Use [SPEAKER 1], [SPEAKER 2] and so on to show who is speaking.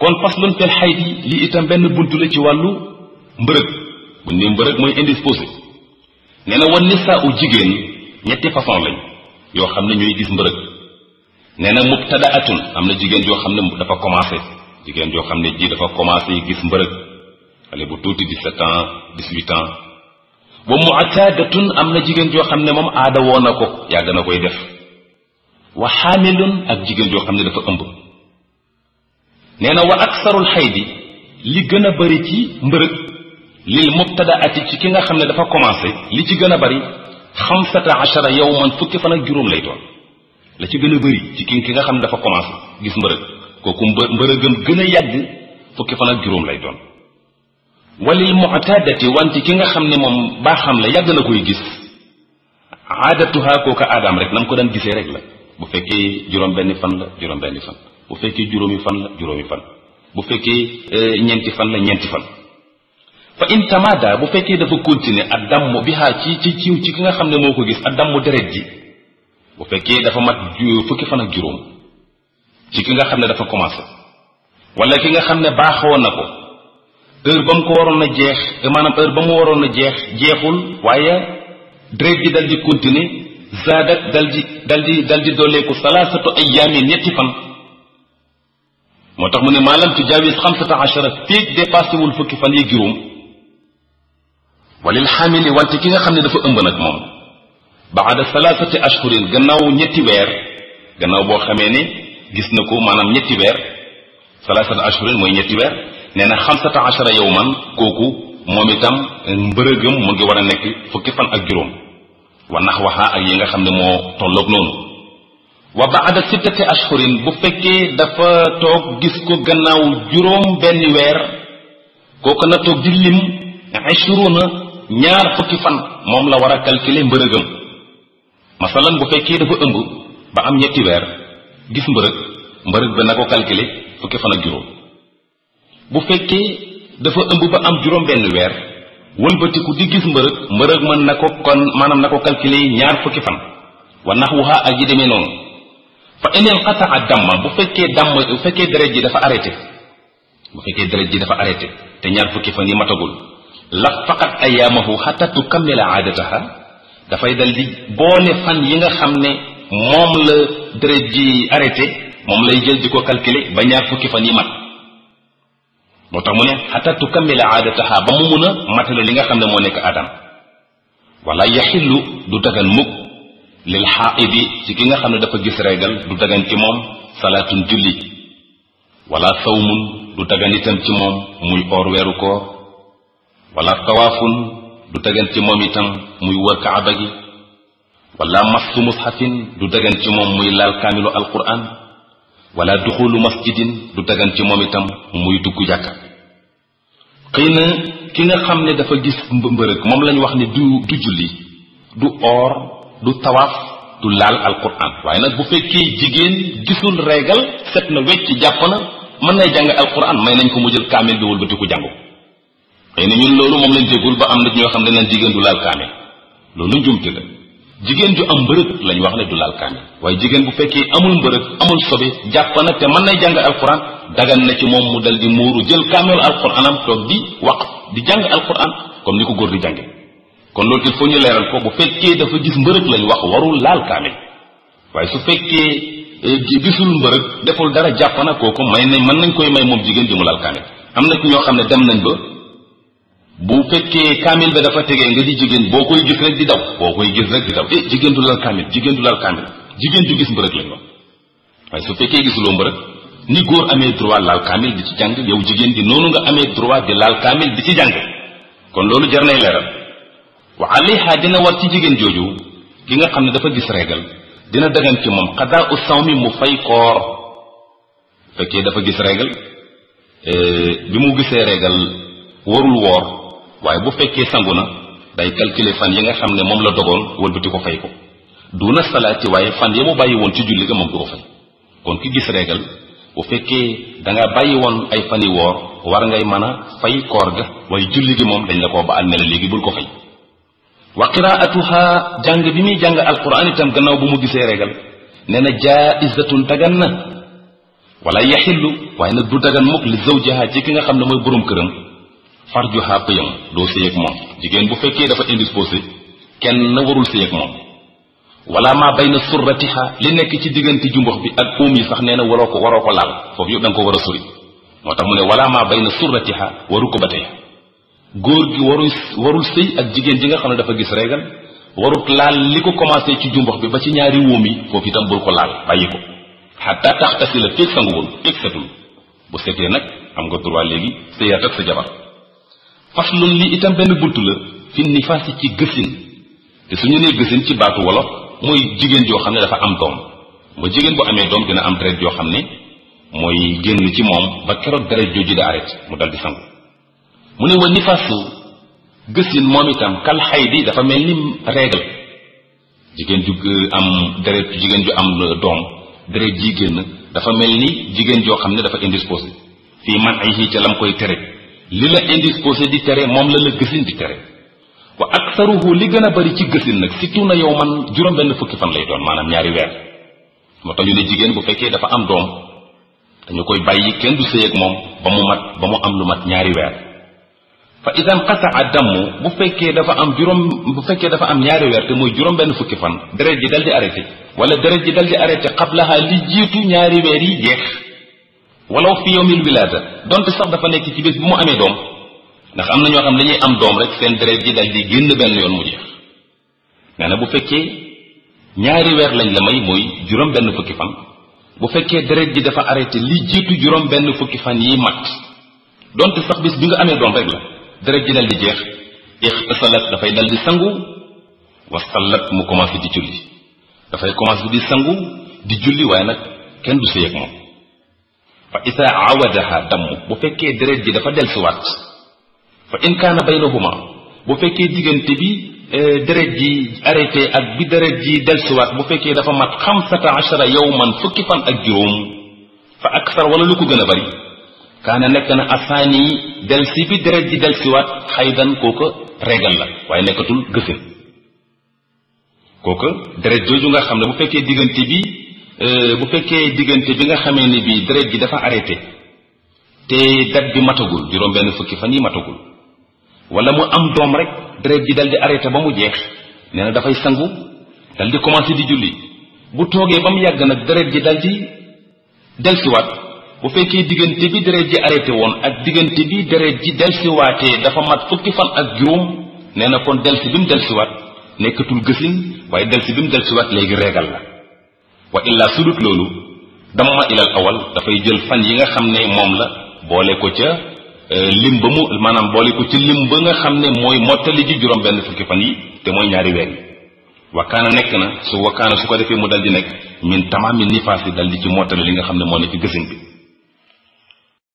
[SPEAKER 1] kon faslun fil xayd yi lii itam benn buntu la ci wàllu mbërëg bu ñu nee mbërëg mooy indisposé nee na wan nisaa u jigéen ñetti façon lañ yoo xam ne ñooy gis mbërëg nee na mubtadaatun am na jigéen joo xam ne dafa commencé jigéen joo xam ne ji dafa commencé gis mbërëg xale bu tuuti 17 ans 18 ans wa mu'tadatun am na jigéen joo xam ne moom aada woo na ko yàgg na koy def wa xaamilun ak jigéen joo xam ne dafa ëmb nee na wa aksarul xaydi li gën a bëri ci mbërëg lil mubtadaati ci ki nga xam ne dafa commencé li ci gën a bëri xamsata achara yowman fukki fan ak juróom lay doon la ci gën a bëri ci ki nga xam ne dafa commencé gis mbërëg kooku mbërëgam gën a yàgg fukki fan ak juróom lay doon walil mu'tadati wante ki nga xam ne moom baaxam la yàgg na koy gis aadatuha kooka aadaam rek nam ko daan gisee rek la bu fekkee juróom benni fan la juróom benni fan bu fekkee juróomi fan la juróomi fan bu fekkee eh, ñeenti fan la ñeenti fan fa in bu fekkee dafa continuer ak damm bi xaa ci ci ci ki nga xam ne moo ko gis ak damm deret ji bu fekkee dafa mat fukki fan ak juróom ci ki nga xam ne dafa commencé walla ki nga xam ne baaxoo na ko heure ba mu ko waroon a jeex eh, maanaam heure ba mu waroon a jeex jeexul waaye deret ji dal di continuer zaadak dal di dal di dal di dooleeku salaasatu ayyaami ñetti fan motax mune mu ne maalam 15 xamsata dépassé wul fukki fan yi juróom walil xaamili wante ki nga xam ne dafa ëmb nag moom baada salaasati ashhurin gannaaw ñetti weer gannaaw boo xamee ni gis na ko maanaam ñetti weer salaasati ashhurin mooy ñetti weer nee na xamsata achara yowman kooku moom itam mbërëgam mu ngi war a nekk fukki fan ak juróom wa nax waxaa ak yi nga xam ne moo tolloog noonu wa baada sittati ashhurin bu fekkee dafa toog gis ko gannaaw juróom benn weer kooku na toog di lim ishruuna ñaar fukki fan moom la war a calculer mbërëgam masalan bu fekkee dafa ëmb ba am ñetti weer gis mbërëg mbërëg ba na ko calculer fukki fan ak juróom bu fekkee dafa ëmb ba am juróom benn weer wëlbatiku di gis mbërëg mbërëg mën na ko kon maanaam na ko calculer ñaar fukki fan wa naxwuha ak yi demee noonu fa ineen qataa damma bu fekkee damm bu fekkee deret ji dafa arrêté bu fekkee deret ji dafa arrêté te ñaar fukki fan yi matagul la faqat ayaamahu xata tukammila aadataha dafay dal di boone fan yi nga xam ne moom la deret ji arrêté moom lay jël di ko calculer ba ñaar fukki fan yi mat moo tax mu ne xata tukammila aadataha ba mu mun a matale li nga xam ne moo nekk adam wala yaxillu du dagan mukk lil xaaidi ci ki nga xam ne dafa gis reegal du dagan ci moom salaatun julli wala sawmun du dagan itam ci moom muy oor weeru koor wala tawaafun du dagan ci moom itam muy wër kaaba du dagan moom muy laal kaamilu alquran wala duxulu masjidin du dagan ci moom itam muy dugg jàkka xëy na ki nga xam ne dafa gis mbërëg moom lañu wax ni du du julli du oor du tawaaf du laal al alquran waaye nag bu fekkee jigéen gisul reegal set na wecc jàpp na mën nay jàng alquran may nañ ko mu jël kaamil bi wëlbati ko jàngu xëy na ñun loolu moom lañ déggul ba am na ñoo xam ne naan jigéen du laal kaamil loolu njuumte la jigéen ju am mbërëg lañ wax ne du laal kaamil waaye jigéen bu fekkee amul mbërëg amul sobe jàpp na te mën nay jàng alquran dagan na ci moom mu dal di muuru jël kaamil alquranam toog di waq di jàng alquran comme ni ko góor di jànge kon loolu il faut ñu leeral ko bu fekkee dafa gis mbërëg lañ wax warul laal kaamil waaye su fekkee eh, gisul mbërëg deful dara jàpp na kooku may nañ mën nañ koy may moom jigéen ji mu laal kaamil am na ci ñoo xam ne dem nañ ba bu fekkee kaamil ba dafa tegee nga di jigéen boo koy gis rek di daw boo koy gis rek di daw eh jigéen du laal kaamil jigéen du gis mbërëg lañu wax waaye su fekkee gisuloo mbërëg ni góor amee droit laal kaamil di ci jàng yow jigéen gi noonu amee droit di laal ci jàng kon loolu jar wa alayha dina war ci jigéen jooju ki nga xam ne dafa gis régal dina dagan ci moom xadaa u saw mi mu fay koor fekkee dafa gis régal eh, bi mu gisee régal warul woor waaye bu fekkee sangu na day calculer fan yi nga xam ne moom la dogoon wëlbati ko fay ko du duna salaati waaye fan ya mu bàyyi woon ci julli ga moom du ko fay kon ki gis régal bu fekkee danga bàyyi woon ay fani woor war ngay mën a fay koor ga waaye julli gi moom dañ la koo baal ne la léegi ko fay وقراءتها جانغ بيمي جانغ القرآن تم غناو بومو غيسي ريغال نانا جائزة تغن ولا يحل وين دو تغن موك لزوجها جيكيغا خامنا موي بروم كرم فرجها قيم دو سيك موم جيغن بو فكي دافا انديسبوسي كين نورول سيك موم ولا ما بين سرتها لي نيك سي ديغنتي جومبخ بي اك اومي صاح نينا وروكو وروكو لال فوف يوب دنجكو ورا سوري موتاخ مو ولا ما بين سرتها وركبتيها góor gi waru warul sëy ak jigéen ji nga xam ne dafa gis reegal warut laal li ko commencé ci jumbox bi ba ci ñaari wóom yi foofu itam bul ko laal bàyyi ko xataa tax tasi la féeg sanguwul féeg setul bu setee nag am nga droit léegi sëyaat ak sa jabar faslun itam benn bunt la fi nifaasi ci gësin te suñu nee gësin ci baatu wolof mooy jigéen joo xam ne dafa am doom mooy jigéen bu amee doom dina am deret joo xam ne mooy génn ci moom ba keroot deret jooju di arrêté mu dal di sangu mu ne wa nifasu gësin moom itam kal xaydi dafa mel ni règle jigéen ju g am deret jigéen ju am doom deret ji génn dafa mel ni jigéen joo xam ne dafa indisposé fii man ay xii ca lam koy tere li la indisposé di tere moom la la gësin di tere wa aksaruhu li gën a bari ci gësin nag surtout na yow man juróom benn fukki fan lay doon maanaam ñaari weer moo tax ñu ne jigéen bu fekkee dafa am doom dañu koy bàyyi kenn du sëy ak moom ba mu mat ba mu am lu mat ñaari weer فإذا انقطع الدم بفك دفع أم جرم بفك دفع أم نار ويرت مو جرم بين فكفان درجة دلجة أريت ولا درجة دلجة أريت قبلها لجيت نار ويري ولو في يوم الولادة دون تصدق دفع لك تبيت مو أمي دوم نخ أمنا نيو أم لني أم دوم رك سن درجة دلجة جن بين ليون مو جيخ نانا بفك نار وير لين لماي مو جرم بين فكفان بفك درجة دفع أريت لجيت جرم بين فكفان يمات دون تصدق بس بيجا أمي دوم رجله deret ji dal di jeex ixtasalat dafay dal di sangu wasallat mu commencé di julli dafay commencé di sangu di julli waaye nag kenn du sëy ak moom fa isa awadaha damm bu fekkee deret ji dafa dellusiwaat fa in kaana baynahuma bu fekkee diggante bi deret ji arrêté ak bi deret ji dellusiwaat bu fekkee dafa mat xamsata achara yowman fukki fan ak juróom fa aktar wala lu ko gën a bari kaana nekk na asaani yi delsi bi deret ji delsiwaat xaydan kooka régal la waaye nekkatul gësin kooka deret jooju nga xam ne bu fekkee diggante bi euh, bu fekkee diggante bi nga xamee ni bi deret ji dafa arrêté te date bi matagul juróom benn fukki fan yi matagul walla mu am doom rek deret ji dal di arrêté ba mu jeex nee na dafay sangu dal di commencé di julli bu toogee ba mu yàgg nag deret ji dal di delsiwaat bu fekkee diggante bi deret ji arrêté woon ak diggante bi deret ji delsiwaatee dafa mat fukki fan ak juróom nee na kon delsi bi mu delsiwaat nekkatul gësin waaye delsi bi mu delsiwaat léegi reegal la waa illaa sudut loolu damma ilal awal dafay jël fan yi nga xam ne moom la boole ko ca euh, lim ba mu maanaam boole ko ca lim ba nga xam ne mooy mottali ji juróom benn fukki fan yi te mooy ñaari weer yi wakkaana nekk na su wakkaana su ko defee mu dal di nekk min tamaami nifaas yi dal moo ne gësin bi